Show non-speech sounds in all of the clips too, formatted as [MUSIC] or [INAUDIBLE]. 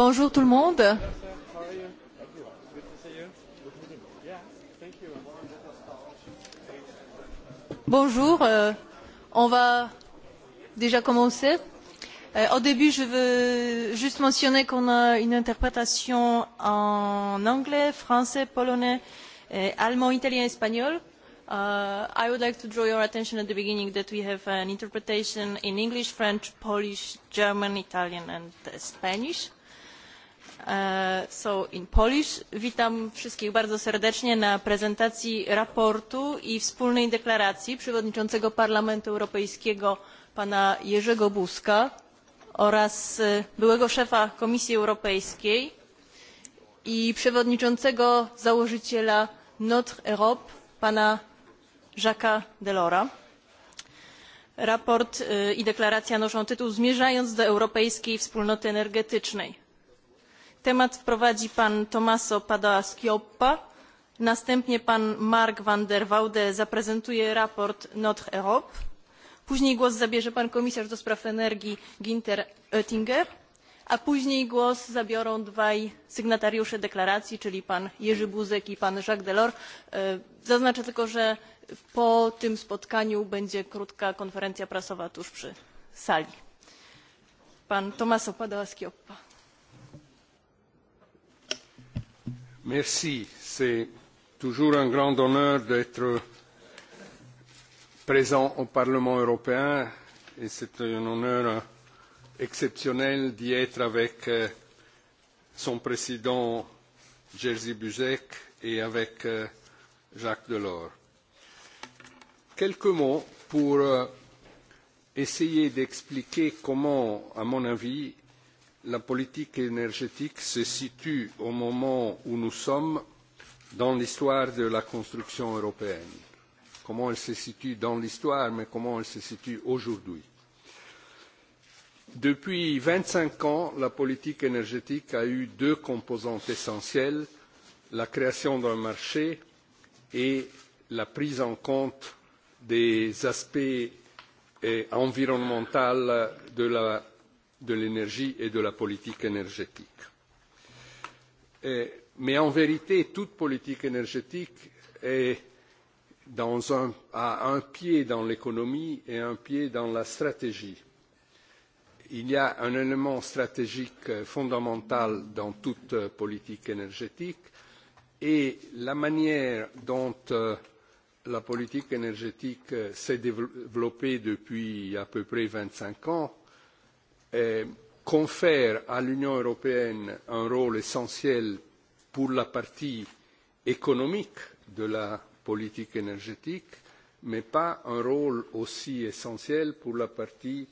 bonjour tout le monde. Bonjour, euh, on va déjà commencer. Euh, au début, je veux juste mentionner qu'on a une interprétation en anglais, français, polonais, eh, allemand, italien, espagnol. Uh, I would like to draw your attention at the beginning that we have an interpretation in English, French, Polish, German, Italian and Spanish. E, so in Polish. Witam wszystkich bardzo serdecznie na prezentacji raportu i wspólnej deklaracji przewodniczącego Parlamentu Europejskiego pana Jerzego Buzka oraz e, byłego szefa Komisji Europejskiej i przewodniczącego założyciela Notre Europe pana Jacques'a Delora. Raport e, i deklaracja noszą tytuł Zmierzając do Europejskiej Wspólnoty Energetycznej temat wprowadzi pan Tomaso Pada schioppa następnie pan Mark van der Waude zaprezentuje raport Notre Europe, później głos zabierze pan komisarz do spraw energii Ginter Oettinger, a później głos zabiorą dwaj sygnatariusze deklaracji, czyli pan Jerzy Buzek i pan Jacques Delors. E, zaznaczę tylko, że po tym spotkaniu będzie krótka konferencja prasowa tuż przy sali. Pan Tomaso Padołaski Oppa. Merci. C'est toujours un grand honneur d'être présent au Parlement européen et c'est un honneur exceptionnel d'y être avec euh, son président Jerzy Buzek et avec euh, Jacques Delors. Quelques mots pour euh, essayer d'expliquer comment, à mon avis, la politique énergétique se situe au moment où nous sommes dans l'histoire de la construction européenne. Comment elle se situe dans l'histoire, mais comment elle se situe aujourd'hui. Depuis vingt cinq ans, la politique énergétique a eu deux composantes essentielles, la création d'un marché et la prise en compte des aspects eh, environnementaux de la de l'énergie et de la politique énergétique. Et, mais en vérité, toute politique énergétique est dans un, a un pied dans l'économie et un pied dans la stratégie. Il y a un élément stratégique fondamental dans toute politique énergétique et la manière dont euh, la politique énergétique s'est développée depuis à peu près vingt cinq ans Eh, confère à l'Union européenne un rôle essentiel pour la partie économique de la politique énergétique, mais pas un rôle aussi essentiel pour la partie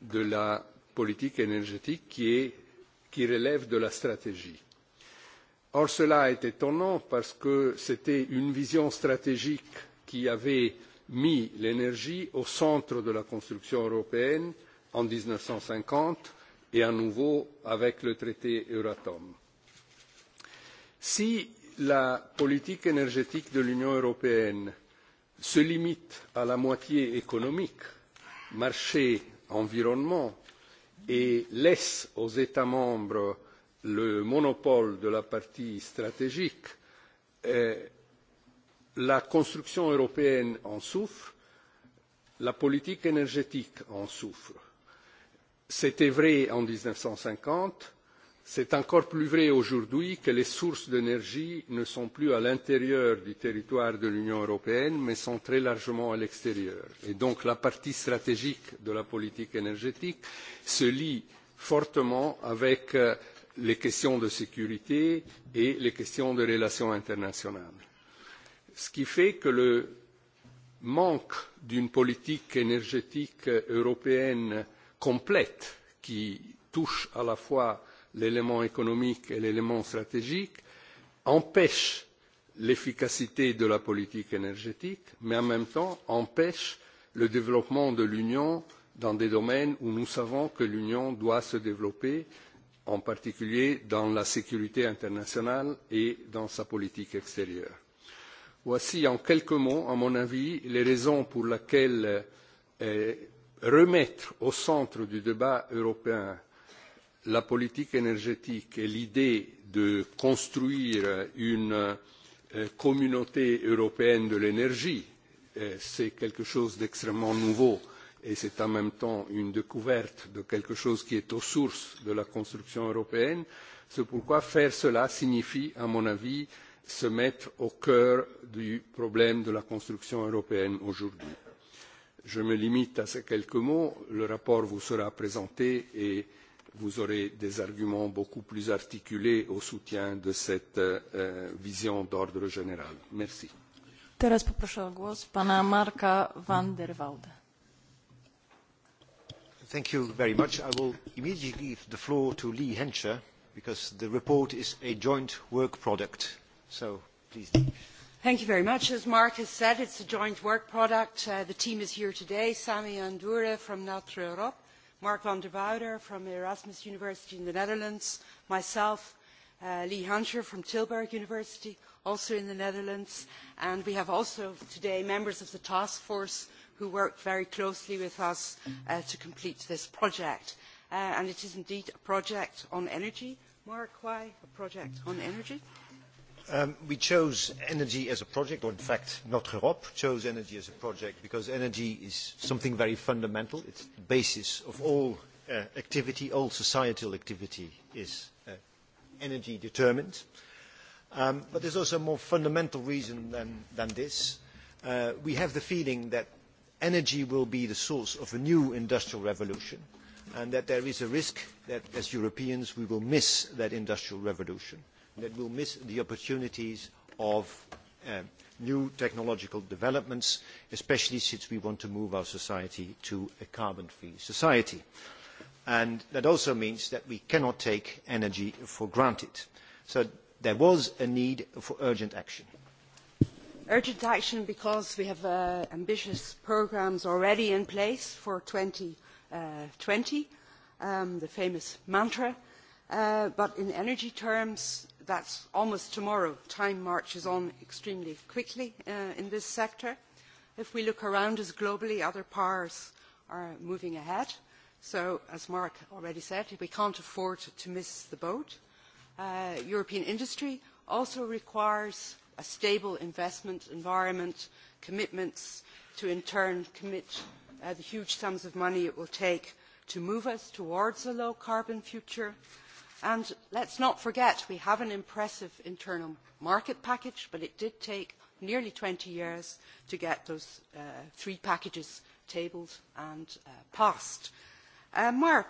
de la politique énergétique qui, est, qui relève de la stratégie. Or, cela est étonnant parce que c'était une vision stratégique qui avait mis l'énergie au centre de la construction européenne, en mille neuf cent cinquante et à nouveau avec le traité Euratom. Si la politique énergétique de l'Union européenne se limite à la moitié économique, marché, environnement, et laisse aux États membres le monopole de la partie stratégique, eh, la construction européenne en souffre, la politique énergétique en souffre C'était vrai en mille neuf cent cinquante, c'est encore plus vrai aujourd'hui que les sources d'énergie ne sont plus à l'intérieur du territoire de l'Union européenne, mais sont très largement à l'extérieur. Et donc la partie stratégique de la politique énergétique se lie fortement avec euh, les questions de sécurité et les questions de relations internationales. Ce qui fait que le manque d'une politique énergétique européenne complète qui touche à la fois l'élément économique et l'élément stratégique empêche l'efficacité de la politique énergétique, mais en même temps empêche le développement de l'Union dans des domaines où nous savons que l'Union doit se développer, en particulier dans la sécurité internationale et dans sa politique extérieure. Voici en quelques mots, à mon avis, les raisons pour lesquelles euh, remettre au centre du débat européen la politique énergétique et l'idée de construire une euh, communauté européenne de l'énergie, euh, c'est quelque chose d'extrêmement nouveau et c'est en même temps une découverte de quelque chose qui est aux sources de la construction européenne. C'est pourquoi faire cela signifie, à mon avis, se mettre au cœur du problème de la construction européenne aujourd'hui. Je me limite à ces quelques mots. Le rapport vous sera présenté et vous aurez des arguments beaucoup plus articulés au soutien de cette euh, vision d'ordre général. Merci. Teraz poproszę o głos pana Marka van der Woude. Thank you very much. I will immediately give the floor to Lee Hensher because the report is a joint work product. So please. Lee. Thank you very much. As Mark has said, it's a joint work product. Uh, the team is here today. Sami Andure from Notre Europe, Mark van der Wouder from Erasmus University in the Netherlands, myself, uh, Lee Hunter from Tilburg University, also in the Netherlands. And we have also today members of the task force who work very closely with us uh, to complete this project. Uh, and it is indeed a project on energy. Mark, why a project on energy? Um, we chose energy as a project, or in fact, not Europe chose energy as a project because energy is something very fundamental. It's the basis of all uh, activity, all societal activity is uh, energy determined. Um, but there's also a more fundamental reason than, than this. Uh, we have the feeling that energy will be the source of a new industrial revolution and that there is a risk that as Europeans we will miss that industrial revolution that will miss the opportunities of uh, new technological developments, especially since we want to move our society to a carbon-free society. And that also means that we cannot take energy for granted. So there was a need for urgent action. Urgent action because we have uh, ambitious programmes already in place for 2020, uh, um, the famous mantra, uh, but in energy terms that's almost tomorrow. Time marches on extremely quickly uh, in this sector. If we look around us globally, other powers are moving ahead. So, as Mark already said, we can't afford to miss the boat. Uh, European industry also requires a stable investment environment, commitments to in turn commit uh, the huge sums of money it will take to move us towards a low carbon future. And let's not forget, we have an impressive internal market package, but it did take nearly 20 years to get those uh, three packages tabled and uh, passed. Uh, Mark,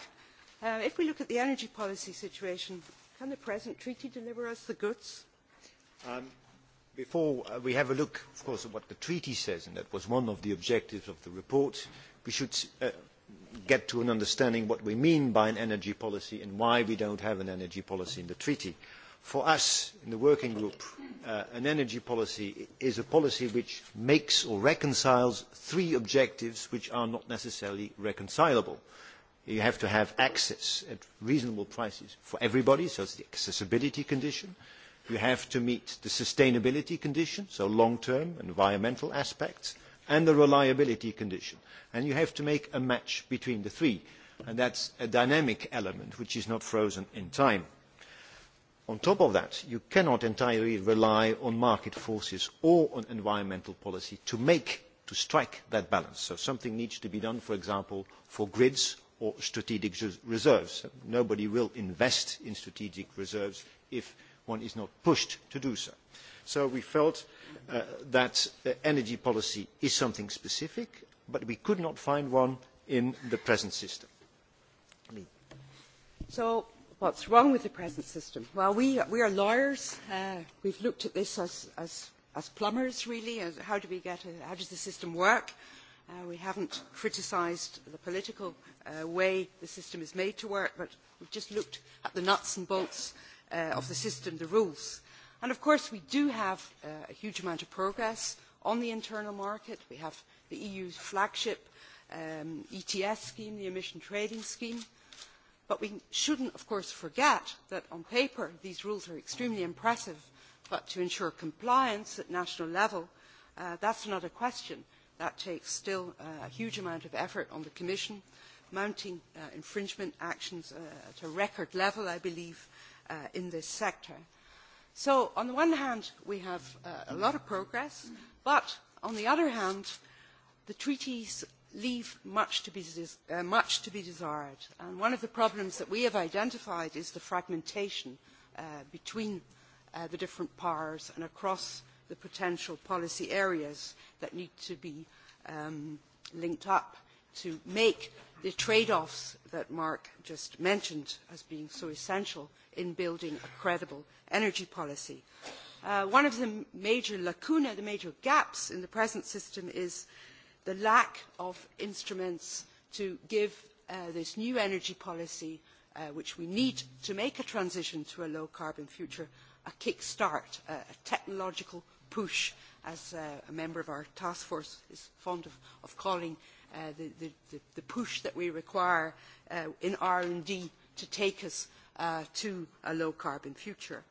uh, if we look at the energy policy situation, can the present treaty deliver us the goods? Um, before uh, we have a look, of course, at what the treaty says, and that was one of the objectives of the report, we should uh, get to an understanding what we mean by an energy policy and why we don't have an energy policy in the treaty. For us, in the working group, uh, an energy policy is a policy which makes or reconciles three objectives which are not necessarily reconcilable. You have to have access at reasonable prices for everybody, so it's the accessibility condition. You have to meet the sustainability condition, so long-term environmental aspects and the reliability condition. And you have to make a match between the three. And that's a dynamic element which is not frozen in time. On top of that, you cannot entirely rely on market forces or on environmental policy to make, to strike that balance. So something needs to be done, for example, for grids or strategic reserves. Nobody will invest in strategic reserves if one is not pushed to do so. So we felt uh, that uh, energy policy is something specific, but we could not find one in the present system. Lee. So what's wrong with the present system? Well, we, we are lawyers. Uh, we've looked at this as, as, as plumbers, really. As how, do we get a, how does the system work? Uh, we haven't criticised the political uh, way the system is made to work, but we've just looked at the nuts and bolts uh, of the system, the rules. And of course we do have uh, a huge amount of progress on the internal market. We have the EU's flagship um, ETS scheme, the emission trading scheme. But we shouldn't, of course, forget that on paper these rules are extremely impressive, but to ensure compliance at national level, uh, that's another question. That takes still uh, a huge amount of effort on the Commission, mounting uh, infringement actions uh, at a record level, I believe, uh, in this sector. So on the one hand, we have uh, a lot of progress, but on the other hand, the treaties leave much to, be uh, much to be desired. And one of the problems that we have identified is the fragmentation uh, between uh, the different powers and across the potential policy areas that need to be um, linked up to make the trade-offs that Mark just mentioned as being so essential in building a credible energy policy. Uh, one of the major lacuna, the major gaps in the present system is the lack of instruments to give uh, this new energy policy, uh, which we need to make a transition to a low-carbon future, a kick-start, a, a technological push, as uh, a member of our task force is fond of, of calling uh, the, the, the push that we require uh, in R&D to take us uh, to a low-carbon future.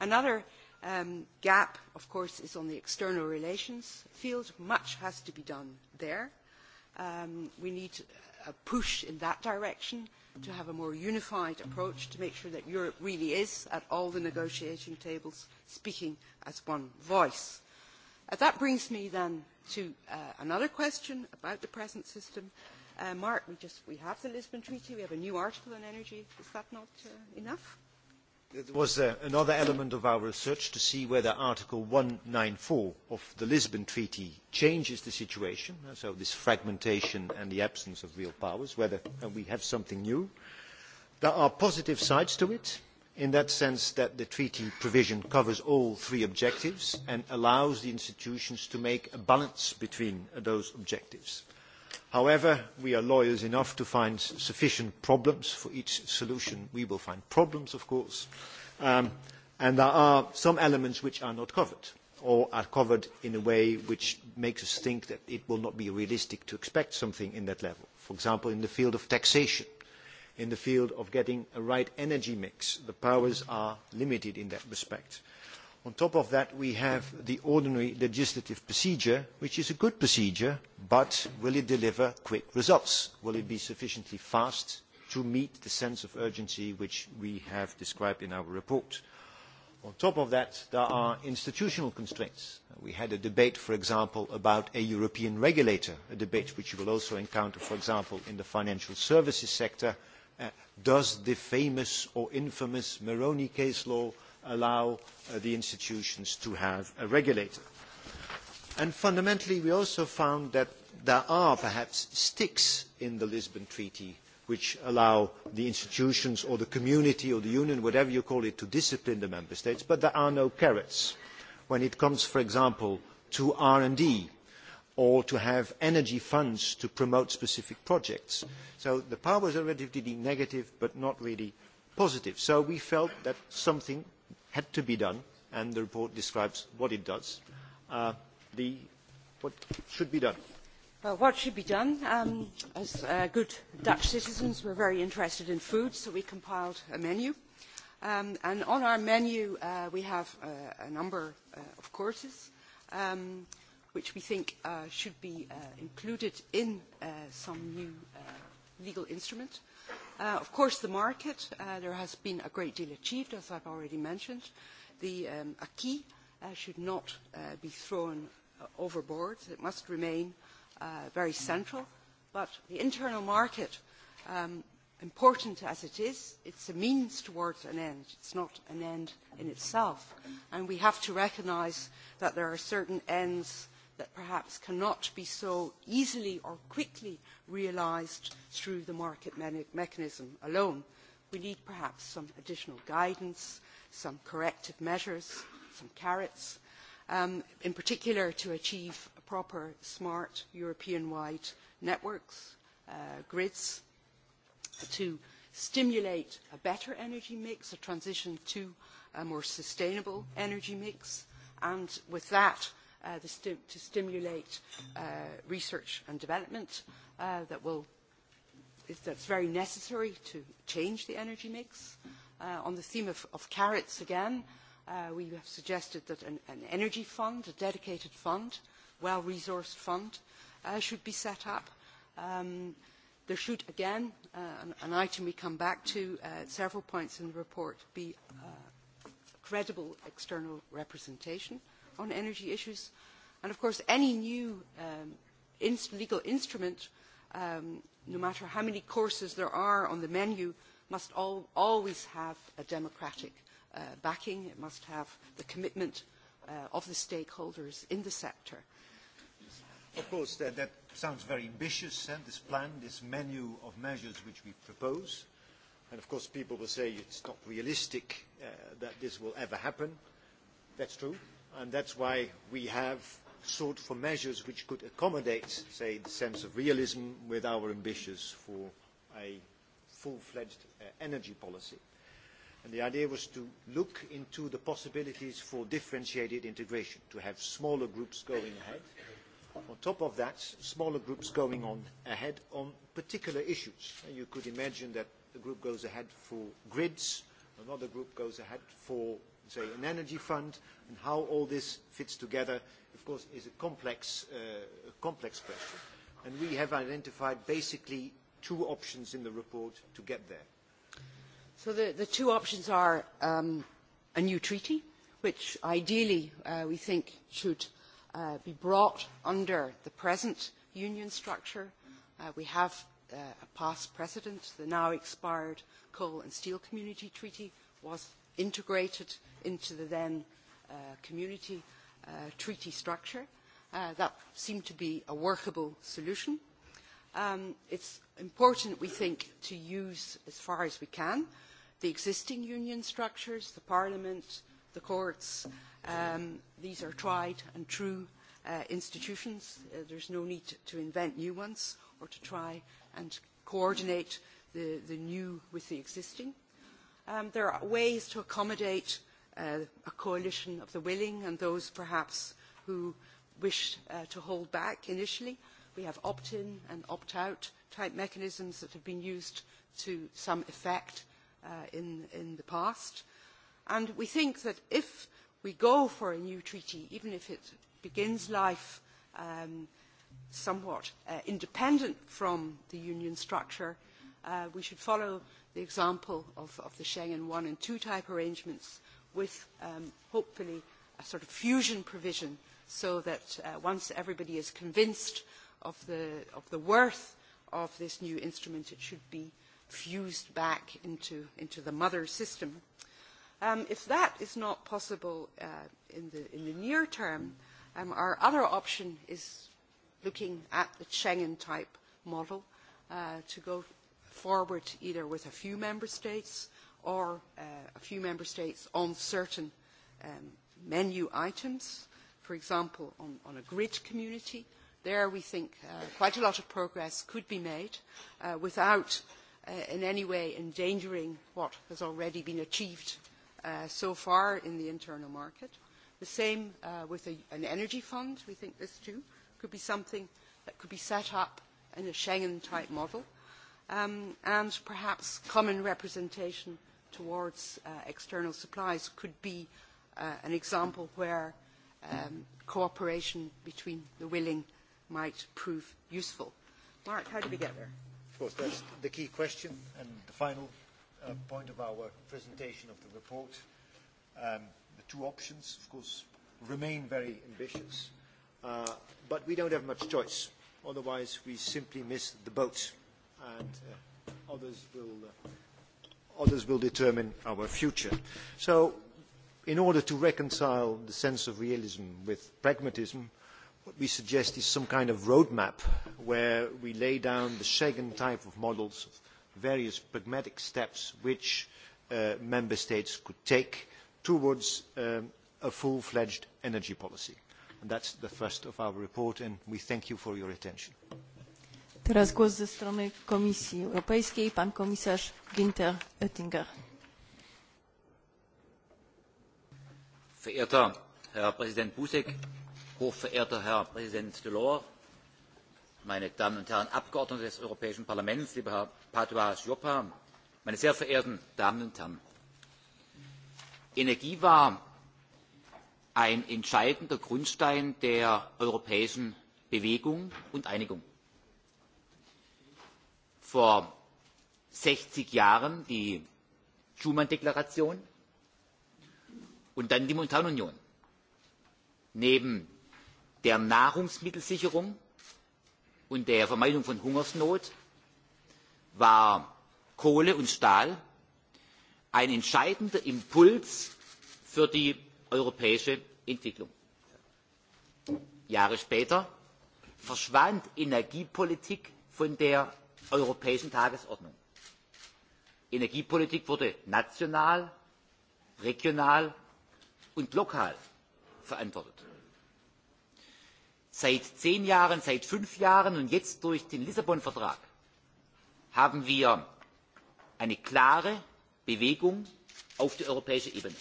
Another um, gap, of course, is on the external relations field. Much has to be done there. Um, we need a push in that direction to have a more unified approach to make sure that Europe really is at all the negotiating tables speaking as one voice. Uh, that brings me then to uh, another question about the present system. Uh, Mark, we, just, we have the Lisbon Treaty, we have a new article on energy. Is that not uh, enough? It was uh, another element of our research to see whether Article 194 of the Lisbon Treaty changes the situation, uh, so this fragmentation and the absence of real powers, whether uh, we have something new. There are positive sides to it in that sense that the treaty provision covers all three objectives and allows the institutions to make a balance between those objectives. However, we are lawyers enough to find sufficient problems for each solution. We will find problems, of course, um, and there are some elements which are not covered or are covered in a way which makes us think that it will not be realistic to expect something in that level. For example, in the field of taxation, in the field of getting a right energy mix. The powers are limited in that respect. On top of that, we have the ordinary legislative procedure, which is a good procedure, but will it deliver quick results? Will it be sufficiently fast to meet the sense of urgency which we have described in our report? On top of that, there are institutional constraints. We had a debate, for example, about a European regulator, a debate which you will also encounter, for example, in the financial services sector, Uh, does the famous or infamous Moroni case law allow uh, the institutions to have a regulator? And fundamentally, we also found that there are perhaps sticks in the Lisbon Treaty which allow the institutions or the community or the union, whatever you call it, to discipline the member states, but there are no carrots. When it comes, for example, to R&D, or to have energy funds to promote specific projects. So the power was relatively negative but not really positive. So we felt that something had to be done and the report describes what it does. Uh, the, what should be done? Well, what should be done? Um, as uh, good Dutch citizens, we're very interested in food, so we compiled a menu. Um, and on our menu, uh, we have uh, a number uh, of courses. Um, which we think uh, should be uh, included in uh, some new uh, legal instrument. Uh, of course, the market, uh, there has been a great deal achieved, as I've already mentioned. The um, acquis uh, should not uh, be thrown uh, overboard. It must remain uh, very central. But the internal market, um, important as it is, it's a means towards an end. It's not an end in itself. And we have to recognize that there are certain ends that perhaps cannot be so easily or quickly realised through the market me mechanism alone. We need perhaps some additional guidance, some corrective measures, some carrots, um, in particular to achieve proper smart European-wide networks, uh, grids, to stimulate a better energy mix, a transition to a more sustainable energy mix, and with that uh, sti to stimulate uh, research and development uh, that will, is, that's very necessary to change the energy mix. Uh, on the theme of, of carrots again, uh, we have suggested that an, an energy fund, a dedicated fund, well-resourced fund, uh, should be set up. Um, there should, again, uh, an, an item we come back to uh, at uh, several points in the report, be uh, credible external representation. Uh, on energy issues. And of course, any new um, ins legal instrument, um, no matter how many courses there are on the menu, must al always have a democratic uh, backing. It must have the commitment uh, of the stakeholders in the sector. Of course, that, that sounds very ambitious, and this plan, this menu of measures which we propose. And of course, people will say it's not realistic uh, that this will ever happen. That's true and that's why we have sought for measures which could accommodate, say, the sense of realism with our ambitions for a full-fledged uh, energy policy. And the idea was to look into the possibilities for differentiated integration, to have smaller groups going ahead. On top of that, smaller groups going on ahead on particular issues. And you could imagine that a group goes ahead for grids, another group goes ahead for say, an energy fund, and how all this fits together, of course, is a complex, uh, a complex question. And we have identified basically two options in the report to get there. So the, the two options are um, a new treaty, which ideally uh, we think should uh, be brought under the present union structure. Uh, we have uh, a past precedent, the now expired Coal and Steel Community Treaty was integrated into the then uh, community uh, treaty structure. Uh, that seemed to be a workable solution. Um, it's important, we think, to use, as far as we can, the existing union structures, the parliament, the courts. Um, these are tried and true uh, institutions. Uh, there's no need to invent new ones or to try and coordinate the, the new with the existing um, there are ways to accommodate uh, a coalition of the willing and those perhaps who wish uh, to hold back initially. We have opt-in and opt-out type mechanisms that have been used to some effect uh, in, in the past. And we think that if we go for a new treaty, even if it begins life um, somewhat uh, independent from the union structure, uh, we should follow the example of, of the Schengen one and two type arrangements with um, hopefully a sort of fusion provision so that uh, once everybody is convinced of the, of the worth of this new instrument, it should be fused back into, into the mother system. Um, if that is not possible uh, in, the, in the near term, um, our other option is looking at the Schengen-type model uh, to go forward either with a few member states or uh, a few member states on certain um, menu items, for example, on, on a grid community. There we think uh, quite a lot of progress could be made uh, without uh, in any way endangering what has already been achieved uh, so far in the internal market. The same uh, with a, an energy fund, we think this too could be something that could be set up in a Schengen-type model um, and perhaps common representation towards uh, external supplies could be uh, an example where um, cooperation between the willing might prove useful. Mark, how do we get there? Of course, that's the key question and the final uh, point of our presentation of the report. Um, the two options, of course, remain very ambitious, uh, but we don't have much choice. Otherwise, we simply miss the boat and uh, others, will, uh, others will determine our future. So in order to reconcile the sense of realism with pragmatism, what we suggest is some kind of roadmap where we lay down the Schengen type of models of various pragmatic steps which uh, member states could take towards um, a full-fledged energy policy. And that's the first of our report, and we thank you for your attention. Teraz głos ze strony Komisji Europejskiej, pan komisarz Oettinger. Verehrter Herr Präsident Busek, hochverehrter Herr Präsident Delors, meine Damen und Herren Abgeordnete des Europäischen Parlaments, lieber Herr Patois Joppa, meine sehr verehrten Damen und Herren. Energie war ein entscheidender Grundstein der europäischen Bewegung und Einigung vor 60 Jahren die Schumann-Deklaration und dann die Montanunion. Neben der Nahrungsmittelsicherung und der Vermeidung von Hungersnot war Kohle und Stahl ein entscheidender Impuls für die europäische Entwicklung. Jahre später verschwand Energiepolitik von der europäischen Tagesordnung. Energiepolitik wurde national, regional und lokal verantwortet. Seit zehn Jahren, seit fünf Jahren und jetzt durch den Lissabon-Vertrag haben wir eine klare Bewegung auf die europäische Ebene,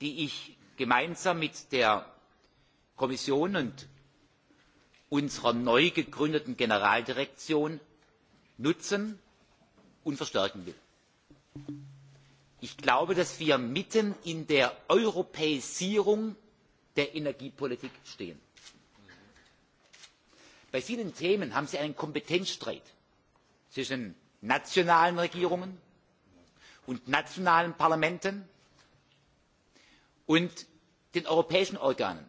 die ich gemeinsam mit der Kommission und unserer neu gegründeten generaldirektion nutzen und verstärken will. Ich glaube, dass wir mitten in der Europäisierung der Energiepolitik stehen. Bei vielen Themen haben Sie einen Kompetenzstreit zwischen nationalen Regierungen und nationalen Parlamenten und den europäischen Organen.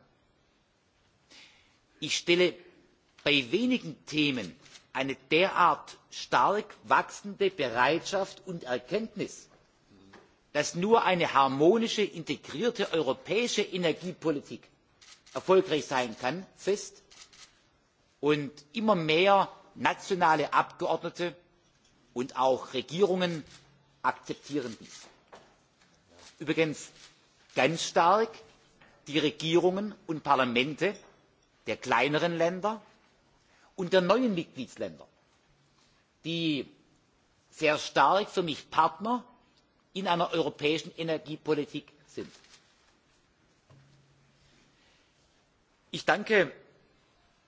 Ich stelle bei wenigen Themen eine derart stark wachsende Bereitschaft und Erkenntnis, dass nur eine harmonische, integrierte europäische Energiepolitik erfolgreich sein kann, fest und immer mehr nationale Abgeordnete und auch Regierungen akzeptieren dies. Übrigens ganz stark die Regierungen und Parlamente der kleineren Länder und der neuen Mitgliedstaaten, die sehr stark für mich Partner in einer europäischen Energiepolitik sind. Ich danke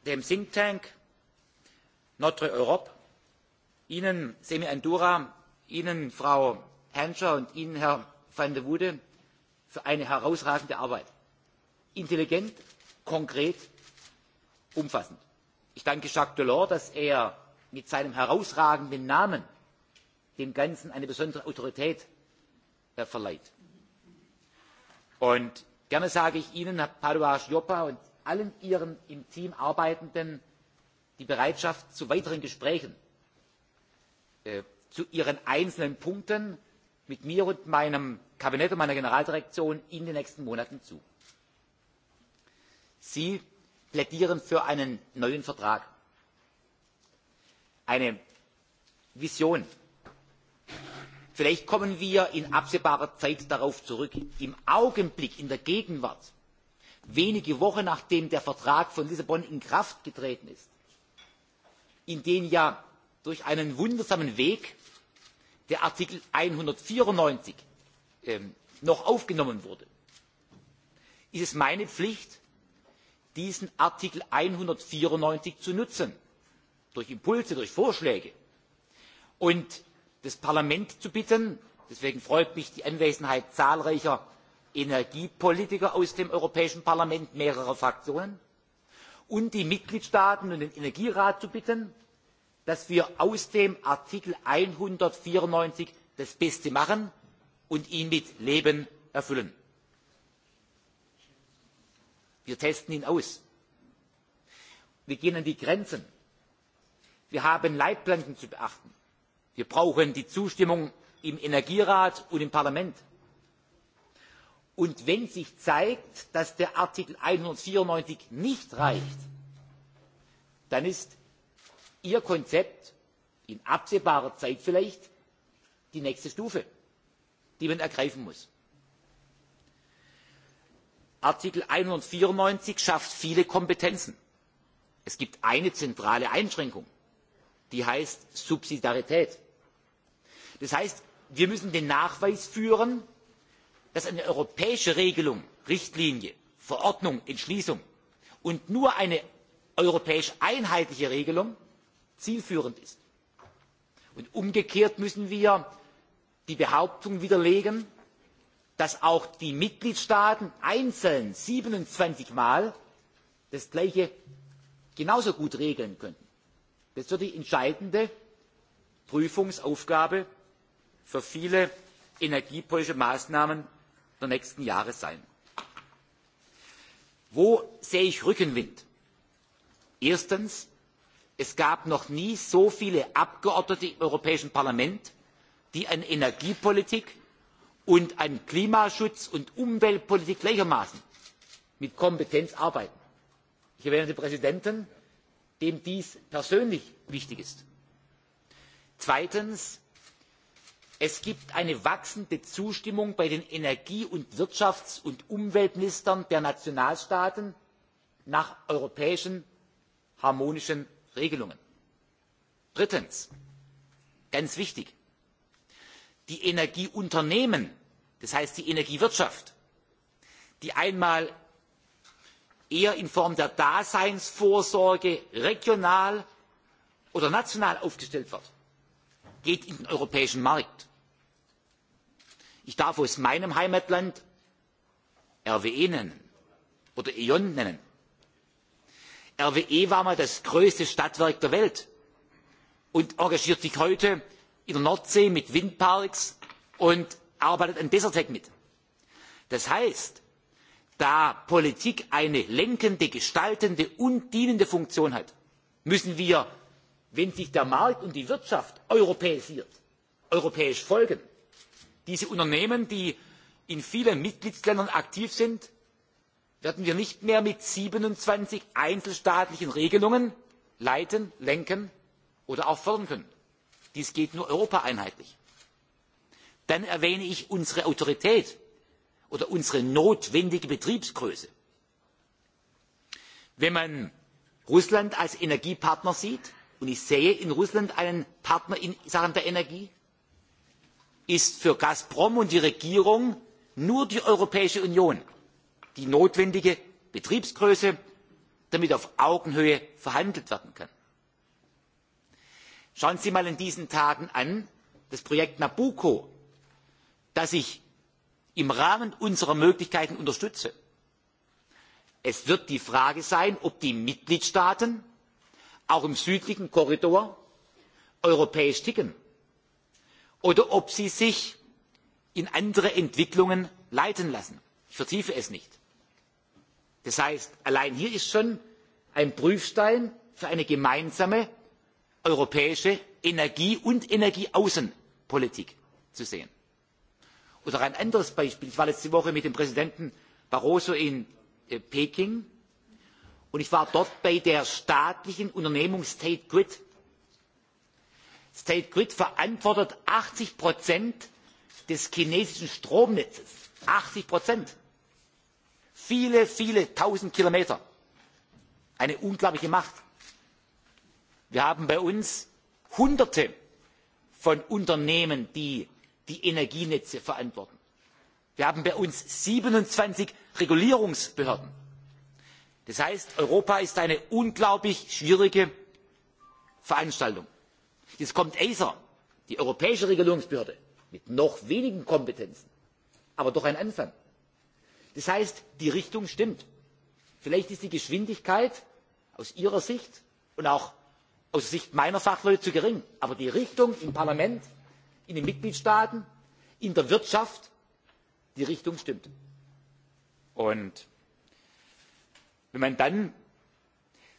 dem Think Tank Notre Europe, Ihnen Semi Andura, Ihnen Frau Hancher und Ihnen Herr van de Wude für eine herausragende Arbeit. Intelligent, konkret, umfassend. Ich danke Jacques Delors, dass er mit seinem herausragenden Namen dem Ganzen eine besondere Autorität äh, verleiht. Und gerne sage ich Ihnen, Herr Paduas Joppa und allen Ihren im Team Arbeitenden die Bereitschaft zu weiteren Gesprächen äh, zu Ihren einzelnen Punkten mit mir und meinem Kabinett und meiner Generaldirektion in den nächsten Monaten zu. Sie plädieren für einen neuen Vertrag, eine Vision. Vielleicht kommen wir in absehbarer Zeit darauf zurück. Im Augenblick, in der Gegenwart, wenige Wochen nachdem der Vertrag von Lissabon in Kraft getreten ist, in den ja durch einen wundersamen Weg der Artikel 194 ähm, noch aufgenommen wurde, ist es meine Pflicht, diesen Artikel 194 zu nutzen, durch Impulse, durch Vorschläge und das Parlament zu bitten, deswegen freut mich die Anwesenheit zahlreicher Energiepolitiker aus dem Europäischen Parlament mehrerer Fraktionen und die Mitgliedstaaten und den Energierat zu bitten, dass wir aus dem Artikel 194 das Beste machen und ihn mit Leben erfüllen. Wir testen ihn aus. Wir gehen an die Grenzen. Wir haben Leitplanken zu beachten. Wir brauchen die Zustimmung im Energierat und im Parlament. Und wenn sich zeigt, dass der Artikel 194 nicht reicht, dann ist Ihr Konzept in absehbarer Zeit vielleicht die nächste Stufe, die man ergreifen muss. Artikel 194 schafft viele Kompetenzen. Es gibt eine zentrale Einschränkung, die heißt Subsidiarität. Das heißt, wir müssen den Nachweis führen, dass eine europäische Regelung, Richtlinie, Verordnung, Entschließung und nur eine europäisch einheitliche Regelung zielführend ist. Und umgekehrt müssen wir die Behauptung widerlegen, dass auch die Mitgliedstaaten einzeln siebenundzwanzig Mal das Gleiche genauso gut regeln könnten. Das wird die entscheidende Prüfungsaufgabe für viele energiepolitische Maßnahmen der nächsten Jahre sein. Wo sehe ich Rückenwind? Erstens, es gab noch nie so viele Abgeordnete im Europäischen Parlament, die an Energiepolitik und an Klimaschutz und Umweltpolitik gleichermaßen mit Kompetenz arbeiten. Ich erwähne den Präsidenten, dem dies persönlich wichtig ist. Zweitens, es gibt eine wachsende Zustimmung bei den Energie- und Wirtschafts- und Umweltministern der Nationalstaaten nach europäischen harmonischen Regelungen. Drittens, ganz wichtig, die Energieunternehmen, das heißt die Energiewirtschaft, die einmal eher in Form der Daseinsvorsorge regional oder national aufgestellt wird, geht in den europäischen Markt. Ich darf aus meinem Heimatland RWE nennen oder E.ON nennen. RWE war mal das größte Stadtwerk der Welt und engagiert sich heute in der Nordsee mit Windparks und arbeitet an Desertec mit. Das heißt, da Politik eine lenkende, gestaltende und dienende Funktion hat, müssen wir, wenn sich der Markt und die Wirtschaft europäisiert, europäisch folgen. Diese Unternehmen, die in vielen Mitgliedsländern aktiv sind, werden wir nicht mehr mit 27 einzelstaatlichen Regelungen leiten, lenken oder auch fördern können. Dies geht nur Europa einheitlich. Dann erwähne ich unsere Autorität oder unsere notwendige Betriebsgröße. Wenn man Russland als Energiepartner sieht, und ich sehe in Russland einen Partner in Sachen der Energie, ist für Gazprom und die Regierung nur die Europäische Union die notwendige Betriebsgröße, damit auf Augenhöhe verhandelt werden kann. Schauen Sie mal in diesen Tagen an, das Projekt Nabucco, das ich im Rahmen unserer Möglichkeiten unterstütze. Es wird die Frage sein, ob die Mitgliedstaaten auch im südlichen Korridor europäisch ticken oder ob sie sich in andere Entwicklungen leiten lassen. Ich vertiefe es nicht. Das heißt, allein hier ist schon ein Prüfstein für eine gemeinsame europäische Energie- und Energieaußenpolitik zu sehen. Oder ein anderes Beispiel. Ich war letzte Woche mit dem Präsidenten Barroso in äh, Peking und ich war dort bei der staatlichen Unternehmung State Grid. State Grid verantwortet 80 Prozent des chinesischen Stromnetzes. 80 Prozent. Viele, viele tausend Kilometer. Eine unglaubliche Macht. Wir haben bei uns Hunderte von Unternehmen, die die Energienetze verantworten. Wir haben bei uns siebenundzwanzig Regulierungsbehörden. Das heißt, Europa ist eine unglaublich schwierige Veranstaltung. Jetzt kommt Acer, die europäische Regulierungsbehörde, mit noch wenigen Kompetenzen, aber doch ein Anfang. Das heißt, die Richtung stimmt. Vielleicht ist die Geschwindigkeit aus Ihrer Sicht und auch aus Sicht meiner Fachleute zu gering. Aber die Richtung im Parlament, in den Mitgliedstaaten, in der Wirtschaft, die Richtung stimmt. Und wenn man dann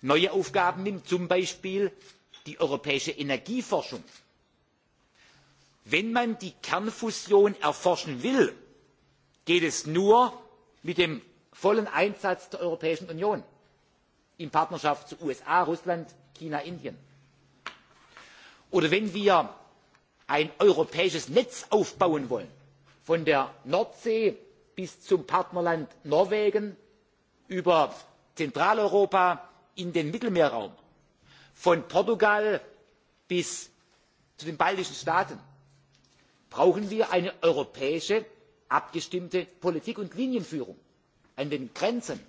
neue Aufgaben nimmt, zum Beispiel die europäische Energieforschung, wenn man die Kernfusion erforschen will, geht es nur mit dem vollen Einsatz der Europäischen Union in Partnerschaft zu USA, Russland, China, Indien. Oder wenn wir ein europäisches Netz aufbauen wollen, von der Nordsee bis zum Partnerland Norwegen, über Zentraleuropa in den Mittelmeerraum, von Portugal bis zu den baltischen Staaten, brauchen wir eine europäische abgestimmte Politik und Linienführung an den Grenzen,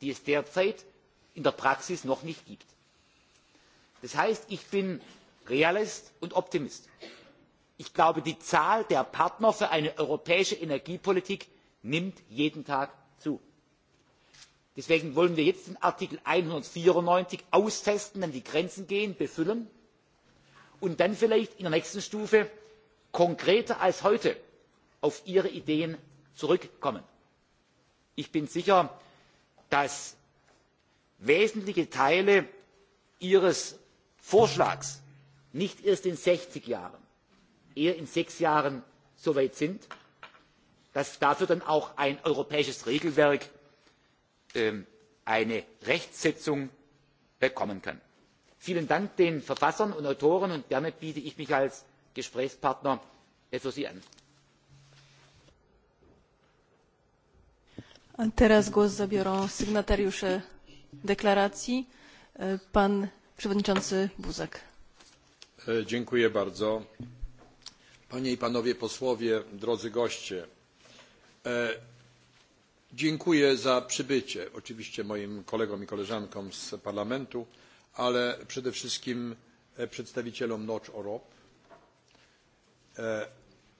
die es derzeit in der Praxis noch nicht gibt. Das heißt, ich bin realist und optimist. ich glaube die zahl der partner für eine europäische energiepolitik nimmt jeden tag zu. deswegen wollen wir jetzt den artikel einhundertvierundneunzig austesten an die grenzen gehen befüllen und dann vielleicht in der nächsten stufe konkreter als heute auf ihre ideen zurückkommen. ich bin sicher dass wesentliche teile ihres vorschlags nicht erst in 60 Jahren, eher in sechs Jahren so weit sind, dass dafür dann auch ein europäisches Regelwerk ähm, eine Rechtsetzung bekommen kann. Vielen Dank den Verfassern und Autoren und gerne biete ich mich als Gesprächspartner für Sie an. Teraz głos zabiorą sygnatariusze deklaracji. E, pan przewodniczący Buzek. E, dziękuję bardzo. Panie i panowie posłowie, drodzy goście. E, dziękuję za przybycie, oczywiście moim kolegom i koleżankom z parlamentu, ale przede wszystkim e, przedstawicielom Notch Europe,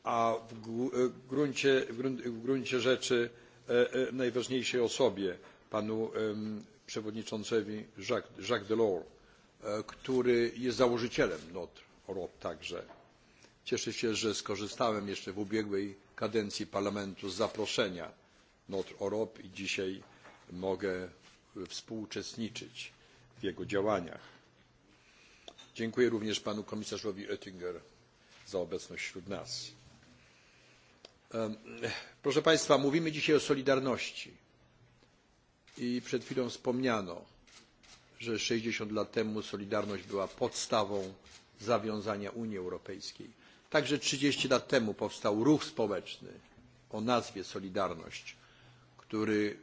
a w gruncie, w gruncie rzeczy najważniejszej osobie, panu przewodniczącowi Jacques, Delors E, który jest założycielem NOT ROP także. Cieszę się, że skorzystałem jeszcze w ubiegłej kadencji parlamentu z zaproszenia NOT ROP i dzisiaj mogę współuczestniczyć w jego działaniach. Dziękuję również panu komisarzowi Oettinger za obecność wśród nas. E, proszę Państwa, mówimy dzisiaj o solidarności i przed chwilą wspomniano że 60 lat temu Solidarność była podstawą zawiązania Unii Europejskiej. Także 30 lat temu powstał ruch społeczny o nazwie Solidarność, który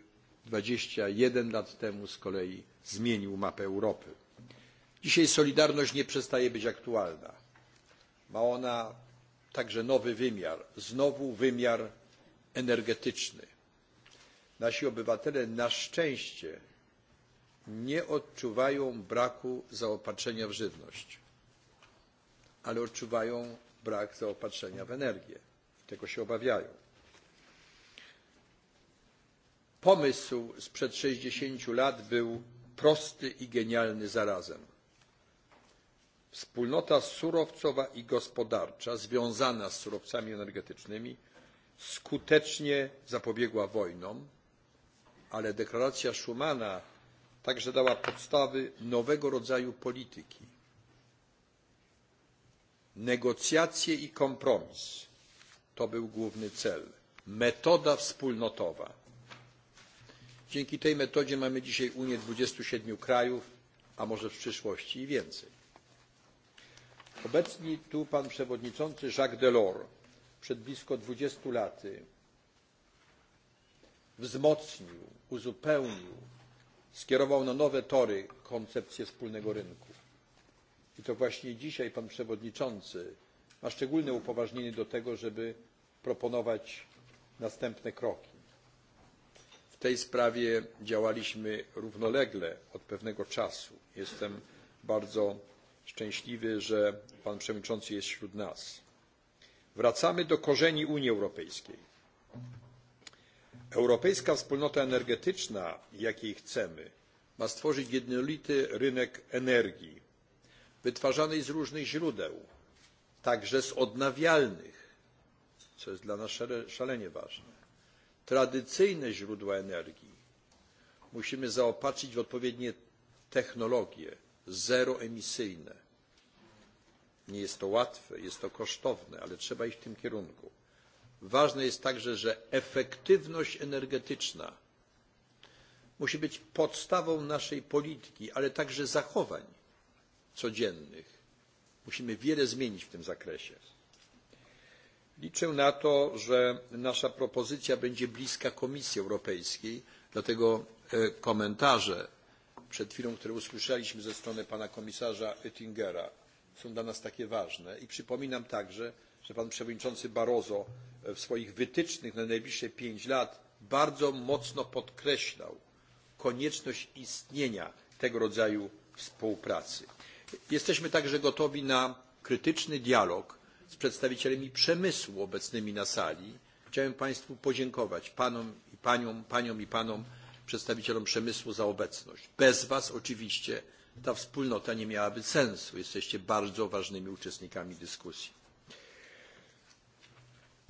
21 lat temu z kolei zmienił mapę Europy. Dzisiaj Solidarność nie przestaje być aktualna. Ma ona także nowy wymiar, znowu wymiar energetyczny. Nasi obywatele na szczęście nie odczuwają braku zaopatrzenia w żywność, ale odczuwają brak zaopatrzenia w energię. Tego się obawiają. Pomysł sprzed 60 lat był prosty i genialny zarazem. Wspólnota surowcowa i gospodarcza związana z surowcami energetycznymi skutecznie zapobiegła wojnom, ale deklaracja Schumana także dała podstawy nowego rodzaju polityki. Negocjacje i kompromis to był główny cel. Metoda wspólnotowa. Dzięki tej metodzie mamy dzisiaj Unię 27 krajów, a może w przyszłości i więcej. Obecni tu pan przewodniczący Jacques Delors przed blisko 20 laty wzmocnił, uzupełnił skierował na nowe tory koncepcję wspólnego rynku. I to właśnie dzisiaj pan przewodniczący ma szczególne upoważnienie do tego, żeby proponować następne kroki. W tej sprawie działaliśmy równolegle od pewnego czasu. Jestem bardzo szczęśliwy, że pan przewodniczący jest wśród nas. Wracamy do korzeni Unii Europejskiej Europejska Wspólnota Energetyczna, jakiej chcemy, ma stworzyć jednolity rynek energii wytwarzanej z różnych źródeł, także z odnawialnych, co jest dla nas szalenie ważne. Tradycyjne źródła energii musimy zaopatrzyć w odpowiednie technologie zeroemisyjne. Nie jest to łatwe, jest to kosztowne, ale trzeba iść w tym kierunku. Ważne jest także, że efektywność energetyczna musi być podstawą naszej polityki, ale także zachowań codziennych. Musimy wiele zmienić w tym zakresie. Liczę na to, że nasza propozycja będzie bliska Komisji Europejskiej, dlatego e, komentarze przed chwilą, które usłyszeliśmy ze strony pana komisarza Oettingera są dla nas takie ważne i przypominam także, że pan przewodniczący Barroso e, w swoich wytycznych na najbliższe pięć lat bardzo mocno podkreślał konieczność istnienia tego rodzaju współpracy. Jesteśmy także gotowi na krytyczny dialog z przedstawicielami przemysłu obecnymi na sali. Chciałem Państwu podziękować, panom i paniom, paniom i panom przedstawicielom przemysłu za obecność. Bez Was oczywiście ta wspólnota nie miałaby sensu. Jesteście bardzo ważnymi uczestnikami dyskusji.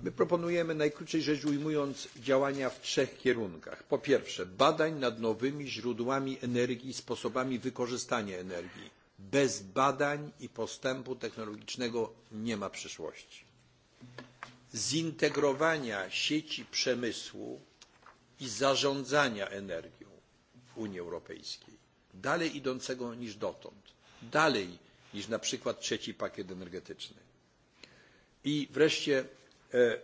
My proponujemy, najkrócej rzecz ujmując, działania w trzech kierunkach. Po pierwsze, badań nad nowymi źródłami energii i sposobami wykorzystania energii. Bez badań i postępu technologicznego nie ma przyszłości. Zintegrowania sieci przemysłu i zarządzania energią w Unii Europejskiej. Dalej idącego niż dotąd. Dalej niż na przykład trzeci pakiet energetyczny. I wreszcie E,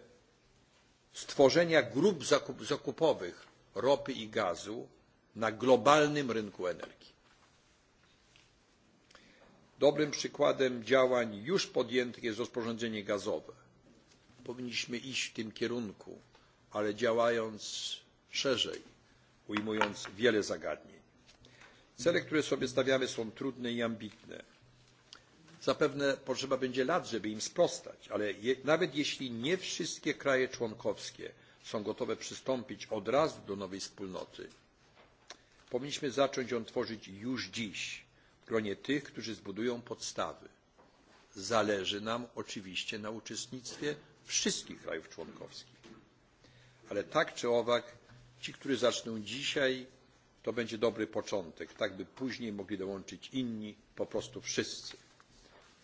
stworzenia grup zakup, zakupowych ropy i gazu na globalnym rynku energii. Dobrym przykładem działań już podjętych jest rozporządzenie gazowe. Powinniśmy iść w tym kierunku, ale działając szerzej, ujmując wiele zagadnień. Cele, które sobie stawiamy są trudne i ambitne Zapewne potrzeba będzie lat, żeby im sprostać, ale je, nawet jeśli nie wszystkie kraje członkowskie są gotowe przystąpić od razu do nowej wspólnoty, powinniśmy zacząć ją tworzyć już dziś w gronie tych, którzy zbudują podstawy. Zależy nam oczywiście na uczestnictwie wszystkich krajów członkowskich. Ale tak czy owak, ci, którzy zaczną dzisiaj, to będzie dobry początek, tak by później mogli dołączyć inni, po prostu wszyscy.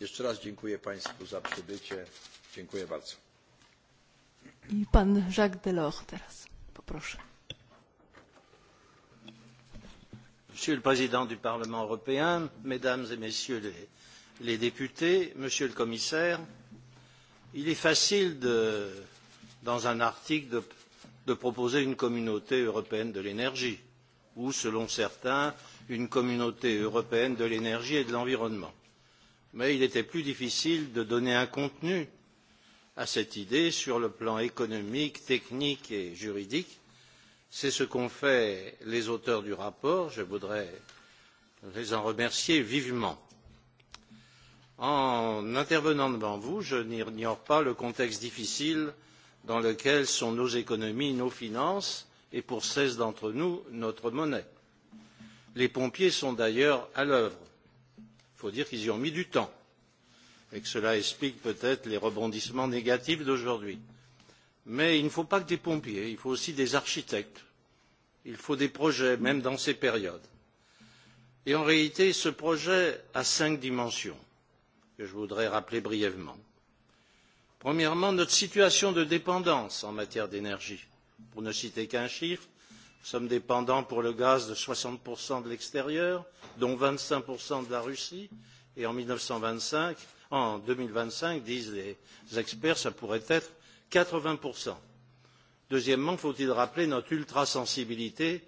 Jeszcze raz dziękuję Państwu za przybycie. Dziękuję bardzo. I pan Jacques Delors teraz. Poproszę. Monsieur le Président du Parlement européen, Mesdames et Messieurs les, les députés, Monsieur le Commissaire, il est facile, de, dans un article, de, de proposer une communauté européenne de l'énergie, ou, selon certains, une communauté européenne de l'énergie et de l'environnement mais il était plus difficile de donner un contenu à cette idée sur le plan économique, technique et juridique. C'est ce qu'ont fait les auteurs du rapport. Je voudrais les en remercier vivement. En intervenant devant vous, je n'ignore pas le contexte difficile dans lequel sont nos économies, nos finances et pour seize d'entre nous, notre monnaie. Les pompiers sont d'ailleurs à l'œuvre Il faut dire qu'ils y ont mis du temps et que cela explique peut-être les rebondissements négatifs d'aujourd'hui. Mais il ne faut pas que des pompiers, il faut aussi des architectes, il faut des projets, même dans ces périodes. Et en réalité, ce projet a cinq dimensions que je voudrais rappeler brièvement. Premièrement, notre situation de dépendance en matière d'énergie. Pour ne citer qu'un chiffre, Nous sommes dépendants pour le gaz de 60% de l'extérieur, dont 25% de la Russie. Et en 1925, en 2025, disent les experts, ça pourrait être 80%. Deuxièmement, faut-il rappeler notre ultrasensibilité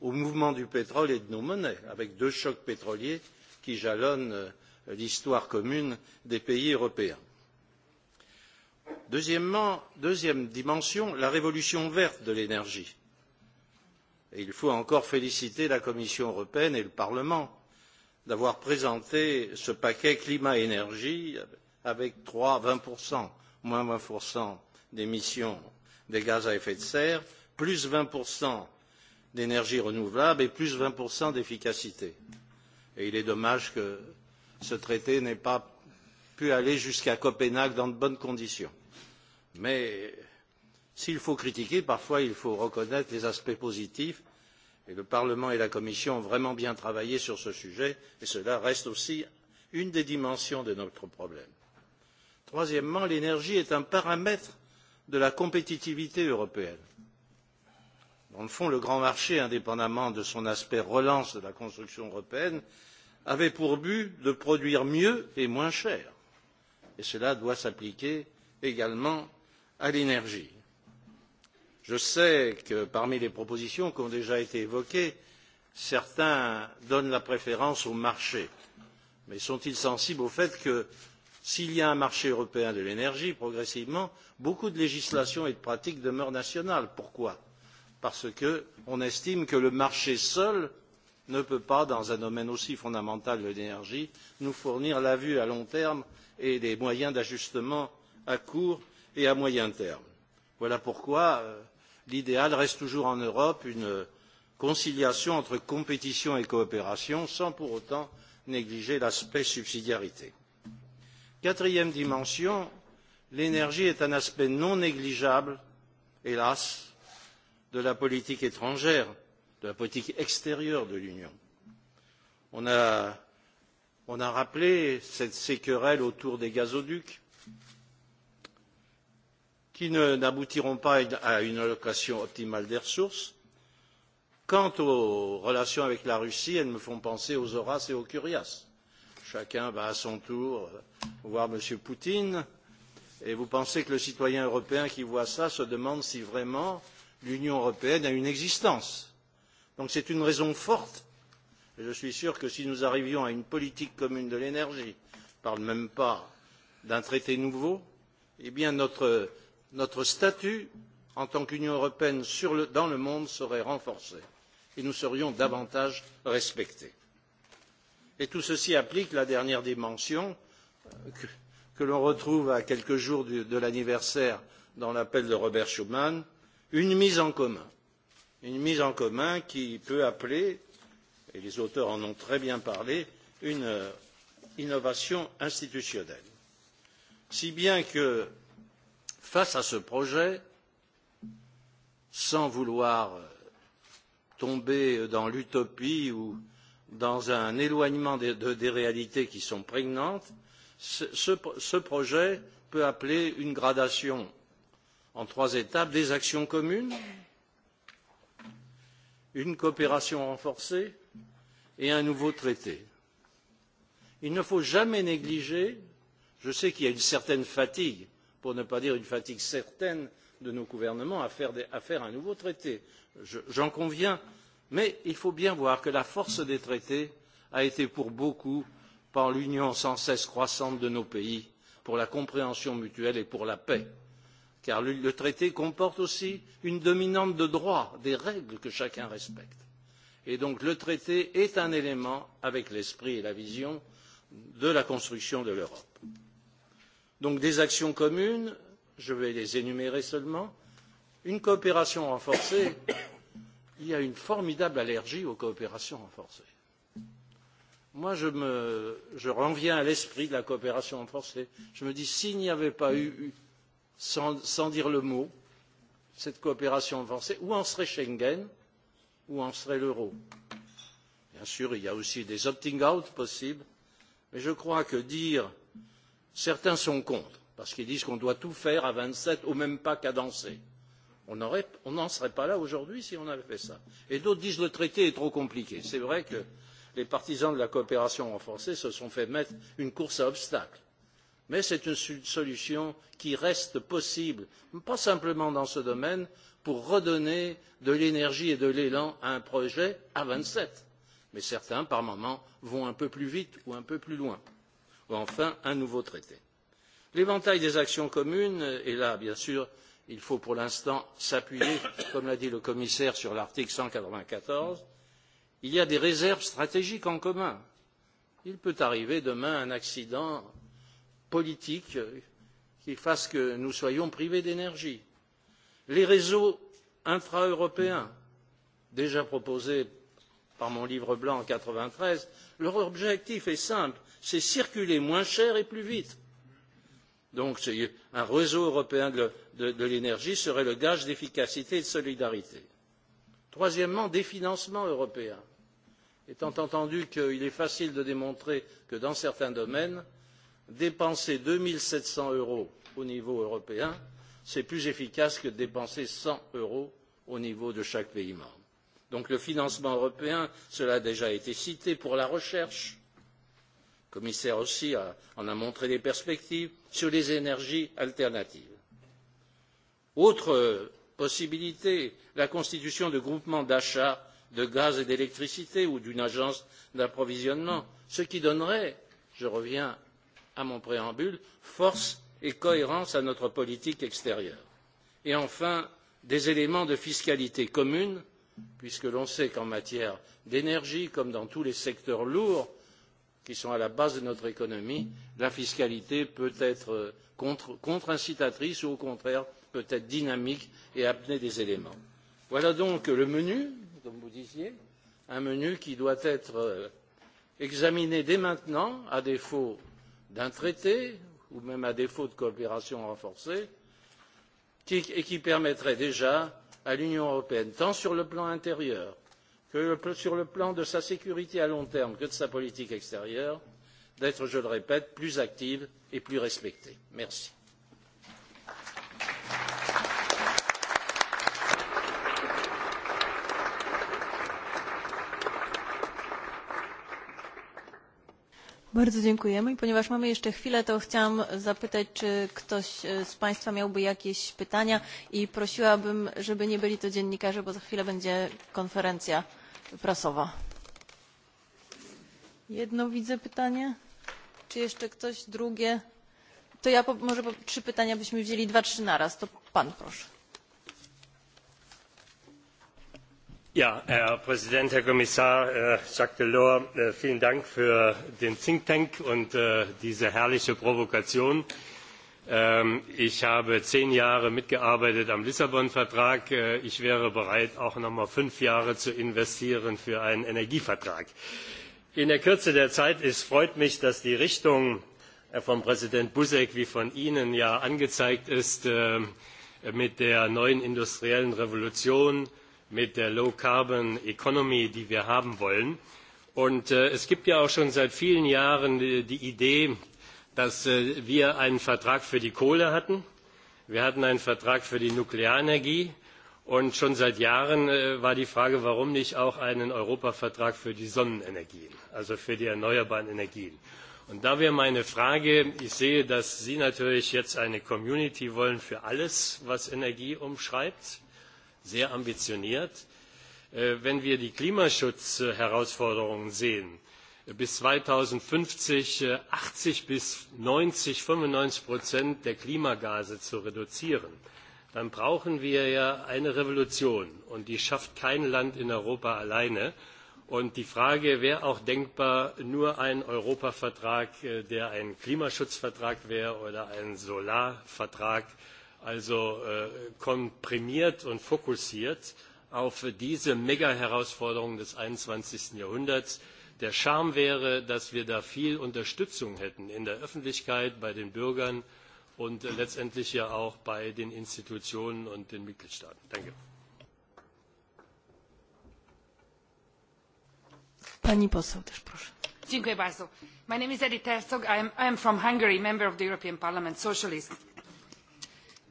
au mouvement du pétrole et de nos monnaies, avec deux chocs pétroliers qui jalonnent euh, l'histoire commune des pays européens. Deuxièmement, deuxième dimension, la révolution verte de l'énergie Et il faut encore féliciter la Commission européenne et le Parlement d'avoir présenté ce paquet climat-énergie avec 3, 20%, moins 20% d'émissions des gaz à effet de serre, plus 20% d'énergie renouvelable et plus 20% d'efficacité. Et il est dommage que ce traité n'ait pas pu aller jusqu'à Copenhague dans de bonnes conditions. Mais S'il faut critiquer, parfois il faut reconnaître les aspects positifs et le Parlement et la Commission ont vraiment bien travaillé sur ce sujet et cela reste aussi une des dimensions de notre problème. Troisièmement, l'énergie est un paramètre de la compétitivité européenne. Dans le fond, le grand marché, indépendamment de son aspect relance de la construction européenne, avait pour but de produire mieux et moins cher. Et cela doit s'appliquer également à l'énergie. Je sais que parmi les propositions qui ont déjà été évoquées, certains donnent la préférence au marché. Mais sont-ils sensibles au fait que s'il y a un marché européen de l'énergie, progressivement, beaucoup de législations et de pratiques demeurent nationales. Pourquoi Parce qu'on estime que le marché seul ne peut pas, dans un domaine aussi fondamental de l'énergie, nous fournir la vue à long terme et des moyens d'ajustement à court et à moyen terme. Voilà pourquoi euh, l'idéal reste toujours en Europe une conciliation entre compétition et coopération sans pour autant négliger l'aspect subsidiarité. Quatrième dimension, l'énergie est un aspect non négligeable, hélas, de la politique étrangère, de la politique extérieure de l'Union. On a, on a rappelé cette, querelle autour des gazoducs, qui n'aboutiront pas à une allocation optimale des ressources. Quant aux relations avec la Russie, elles me font penser aux Horaces et aux Curias. Chacun va à son tour euh, voir M. Poutine. Et vous pensez que le citoyen européen qui voit cela se demande si vraiment l'Union européenne a une existence. Donc c'est une raison forte. Et je suis sûr que si nous arrivions à une politique commune de l'énergie, je ne parle même pas d'un traité nouveau, eh bien notre notre statut en tant qu'Union européenne le, dans le monde serait renforcé et nous serions davantage respectés. Et tout ceci applique la dernière dimension euh, que, que l'on retrouve à quelques jours du, de l'anniversaire dans l'appel de Robert Schuman, une mise en commun. Une mise en commun qui peut appeler, et les auteurs en ont très bien parlé, une euh, innovation institutionnelle. Si bien que face à ce projet, sans vouloir euh, tomber dans l'utopie ou dans un éloignement de, de, des réalités qui sont prégnantes, ce, ce, ce projet peut appeler une gradation en trois étapes des actions communes, une coopération renforcée et un nouveau traité. Il ne faut jamais négliger, je sais qu'il y a une certaine fatigue pour ne pas dire une fatigue certaine de nos gouvernements à faire, des, à faire un nouveau traité. J'en Je, conviens. Mais il faut bien voir que la force des traités a été pour beaucoup par l'union sans cesse croissante de nos pays, pour la compréhension mutuelle et pour la paix. Car le, le traité comporte aussi une dominante de droit, des règles que chacun respecte. Et donc le traité est un élément avec l'esprit et la vision de la construction de l'Europe. Donc des actions communes, je vais les énumérer seulement, une coopération renforcée, [COUGHS] il y a une formidable allergie aux coopérations renforcées. Moi, je, me, je reviens à l'esprit de la coopération renforcée. Je me dis, s'il n'y avait pas eu, sans, sans dire le mot, cette coopération renforcée, où en serait Schengen, où en serait l'euro Bien sûr, il y a aussi des opting-out possibles, mais je crois que dire Certains sont contre, parce qu'ils disent qu'on doit tout faire à vingt sept au même pas cadencé. On n'en serait pas là aujourd'hui si on avait fait cela. Et d'autres disent que le traité est trop compliqué. C'est vrai que les partisans de la coopération renforcée se sont fait mettre une course à obstacles. Mais c'est une solution qui reste possible, pas simplement dans ce domaine, pour redonner de l'énergie et de l'élan à un projet à vingt sept. Mais certains, par moments, vont un peu plus vite ou un peu plus loin ou enfin un nouveau traité. L'éventail des actions communes est euh, là, bien sûr, il faut pour l'instant s'appuyer, [COUGHS] comme l'a dit le commissaire, sur l'article cent quatre-vingt-quatorze. Il y a des réserves stratégiques en commun. Il peut arriver demain un accident politique euh, qui fasse que nous soyons privés d'énergie. Les réseaux intra-européens, déjà proposés par mon livre blanc en quatre-vingt-treize, leur objectif est simple c'est circuler moins cher et plus vite. Donc un réseau européen de, de, de l'énergie serait le gage d'efficacité et de solidarité. Troisièmement, des financements européens. Étant entendu qu'il est facile de démontrer que dans certains domaines, dépenser deux sept cents euros au niveau européen, c'est plus efficace que de dépenser cent euros au niveau de chaque pays membre. Donc le financement européen, cela a déjà été cité pour la recherche, Le commissaire aussi a, en a montré des perspectives sur les énergies alternatives. Autre euh, possibilité, la constitution de groupements d'achat de gaz et d'électricité ou d'une agence d'approvisionnement, ce qui donnerait, je reviens à mon préambule, force et cohérence à notre politique extérieure. Et enfin, des éléments de fiscalité commune, puisque l'on sait qu'en matière d'énergie, comme dans tous les secteurs lourds, qui sont à la base de notre économie, la fiscalité peut être euh, contre-incitatrice contre ou au contraire peut être dynamique et amener des éléments. Voilà donc le menu, comme vous disiez, un menu qui doit être euh, examiné dès maintenant, à défaut d'un traité ou même à défaut de coopération renforcée, et qui permettrait déjà à l'Union européenne, tant sur le plan intérieur que sur le plan de sa sécurité à long terme que de sa politique extérieure, d'être, je le répète, plus active et plus respectée. Merci. Bardzo dziękujemy. I ponieważ mamy jeszcze chwilę, to chciałam zapytać, czy ktoś e, z Państwa miałby jakieś pytania i prosiłabym, żeby nie byli to dziennikarze, bo za chwilę będzie konferencja prasowa. Jedno widzę pytanie. Czy jeszcze ktoś? Drugie? To ja po, może po, trzy pytania byśmy wzięli, dwa, trzy naraz. To pan proszę. Ja, Herr Präsident, Herr Kommissar äh, Jacques Delors, äh, vielen Dank für den Think Tank und äh, diese herrliche Provokation. Ähm, ich habe zehn Jahre mitgearbeitet am Lissabon-Vertrag. Äh, ich wäre bereit, auch noch mal fünf Jahre zu investieren für einen Energievertrag. In der Kürze der Zeit ist, freut mich, dass die Richtung äh, von Präsident Buzek wie von Ihnen ja angezeigt ist, äh, mit der neuen industriellen Revolution, mit der Low-Carbon-Economy, die wir haben wollen. Und es gibt ja auch schon seit vielen Jahren die Idee, dass äh, wir einen Vertrag für die Kohle hatten, wir hatten einen Vertrag für die Nuklearenergie und schon seit Jahren äh, war die Frage, warum nicht auch einen Europavertrag für die Sonnenenergien, also für die erneuerbaren Energien. Und da wäre meine Frage, ich sehe, dass Sie natürlich jetzt eine Community wollen für alles, was Energie umschreibt, sehr ambitioniert. Äh, wenn wir die Klimaschutzherausforderungen sehen, bis zweitausendfünfzig äh, achtzig bis 90, 95 Prozent der Klimagase zu reduzieren, dann brauchen wir ja eine Revolution. Und die schafft kein Land in Europa alleine. Und die Frage wäre auch denkbar, nur ein Europavertrag, äh, der ein Klimaschutzvertrag wäre oder ein Solarvertrag, also äh, komprimiert und fokussiert auf diese Mega-Herausforderungen des einundzwanzig Jahrhunderts Der Charme wäre, dass wir da viel Unterstützung hätten in der Öffentlichkeit, bei den Bürgern und äh, letztendlich ja auch bei den Institutionen und den Mitgliedstaaten. Danke. Pani poseł też proszę. Dziękuję bardzo. My name is Edith Herzog. I am, I am from Hungary, member of the European Parliament, socialist.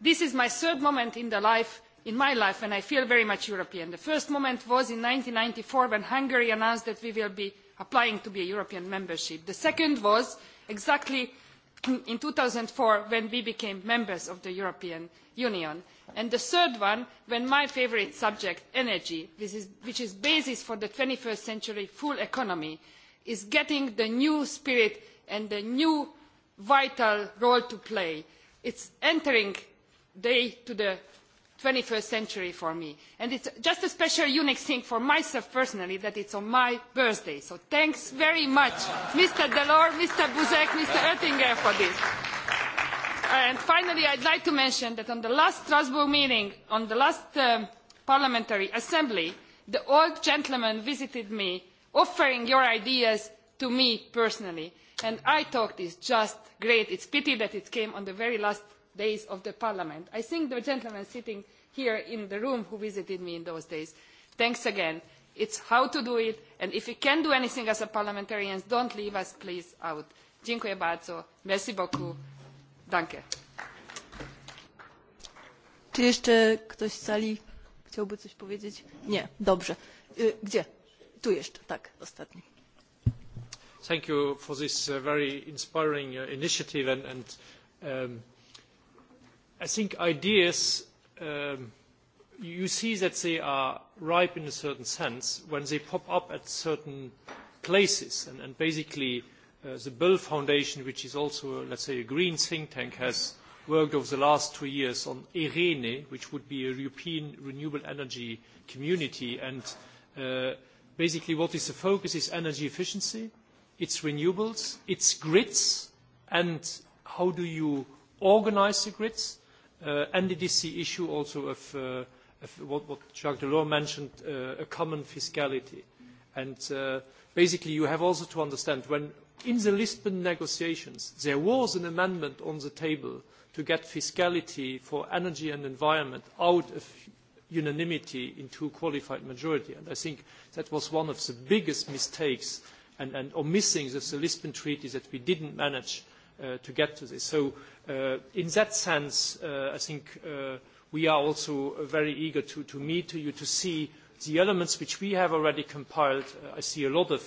This is my third moment in the life in my life when I feel very much European. The first moment was in ninety four when Hungary announced that we will be applying to be a European membership. The second was exactly [CLEARS THROAT] in two thousand four when we became members of the European Union. And the third one, when my favourite subject, energy, which is, which is basis for the twenty first century full economy, is getting the new spirit and the new vital role to play. It is entering day to the twenty first century for me. And it's just a special unique thing for myself personally that it's on my birthday. So thanks very much, Mr. Delors, Mr. Buzek, Mr. Oettinger for this. And finally, I'd like to mention that on the last Strasbourg meeting, on the last um, parliamentary assembly, the old gentleman visited me offering your ideas to me personally. And I thought it's just great. It's pity that it came on the very last days of the Parliament. I think the gentleman sitting here in the room who visited me in those days, thanks again. It's how to do it, and if we can do anything as a parliamentarians, don't leave us, please, out. Dziękuję bardzo. Merci beaucoup. Danke. Czy jeszcze ktoś z sali chciałby coś powiedzieć? Nie, dobrze. Gdzie? Tu jeszcze, tak, ostatni. Thank you for this uh, very inspiring uh, initiative and, and um, I think ideas, um, you see that they are ripe in a certain sense when they pop up at certain places. And, and basically, uh, the Bill Foundation, which is also, a uh, let's say, a green think tank, has worked over the last two years on Irene, which would be a European renewable energy community. And uh, basically what is the focus is energy efficiency, its renewables, its grids, and how do you organize the grids, uh, NDDC issue also of, uh, of what, what Jacques Delors mentioned, uh, a common fiscality. And uh, basically you have also to understand when in the Lisbon negotiations there was an amendment on the table to get fiscality for energy and environment out of unanimity into qualified majority. And I think that was one of the biggest mistakes and, and omissings of the Lisbon Treaty that we didn't manage uh, uh, to get to this. So uh, in that sense, uh, I think uh, we are also very eager to, to meet to you to see the elements which we have already compiled. Uh, I see a lot of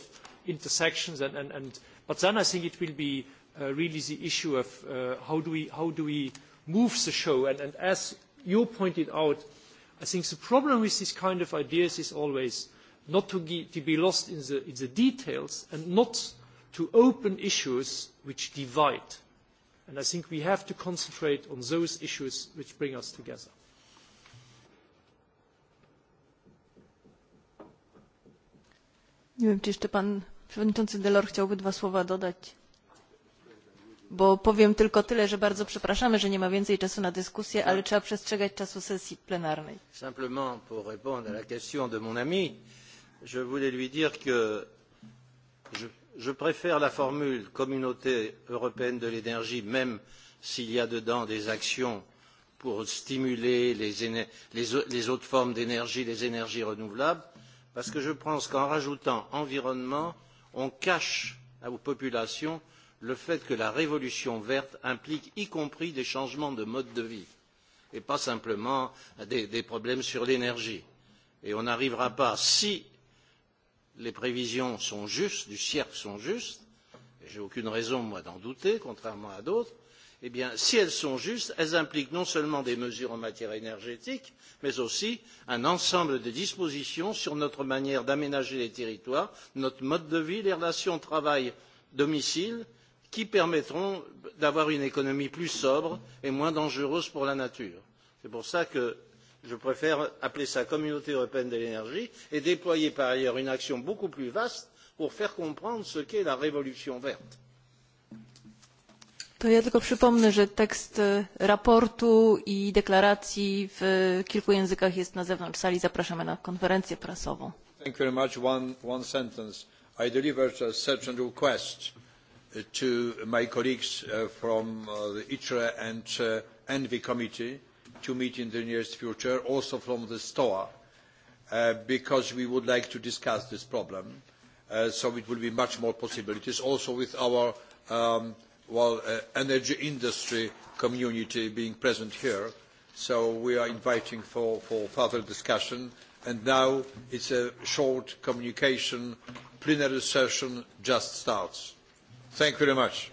intersections, and, and, and, but then I think it will be uh, really the issue of uh, how, do we, how do we move the show. And, and as you pointed out, I think the problem with these kind of ideas is always not to, get, to be lost in the, in the details and not to open issues which divide. And I think we have to concentrate on those issues which bring us together. Nie wiem, czy jeszcze pan przewodniczący Delor chciałby dwa słowa dodać. Bo powiem tylko tyle, że bardzo przepraszamy, że nie ma więcej czasu na dyskusję, ale trzeba przestrzegać czasu sesji plenarnej. Simplement pour répondre à la question de mon ami, je voulais lui dire que je, je préfère la formule communauté européenne de l'énergie, même s'il y a dedans des actions pour stimuler les, les, les autres formes d'énergie, les énergies renouvelables, parce que je pense qu'en rajoutant environnement, on cache aux populations le fait que la révolution verte implique y compris des changements de mode de vie et pas simplement des, des problèmes sur l'énergie. Et on n'arrivera pas, si les prévisions sont justes, du CIRC sont justes, et j'ai aucune raison, moi, d'en douter, contrairement à d'autres, eh bien, si elles sont justes, elles impliquent non seulement des mesures en matière énergétique, mais aussi un ensemble de dispositions sur notre manière d'aménager les territoires, notre mode de vie, les relations travail-domicile, qui permettront d'avoir une économie plus sobre et moins dangereuse pour la nature. C'est pour cela que je préfère appeler cela communauté européenne de l'énergie et déployer par ailleurs une action beaucoup plus vaste pour faire comprendre ce qu'est la révolution verte. To ja tylko przypomnę, że tekst e, raportu i deklaracji w e, kilku językach jest na zewnątrz sali. Zapraszamy na konferencję prasową. Thank you very much. One, one sentence. I delivered a certain request uh, to my colleagues uh, from uh, the ITRE and ENVI committee to meet in the nearest future, also from the STOA, uh, because we would like to discuss this problem. Uh, so it will be much more possibilities, also with our um, well, uh, energy industry community being present here. So we are inviting for, for further discussion. And now it's a short communication. Plenary session just starts. Thank you very much.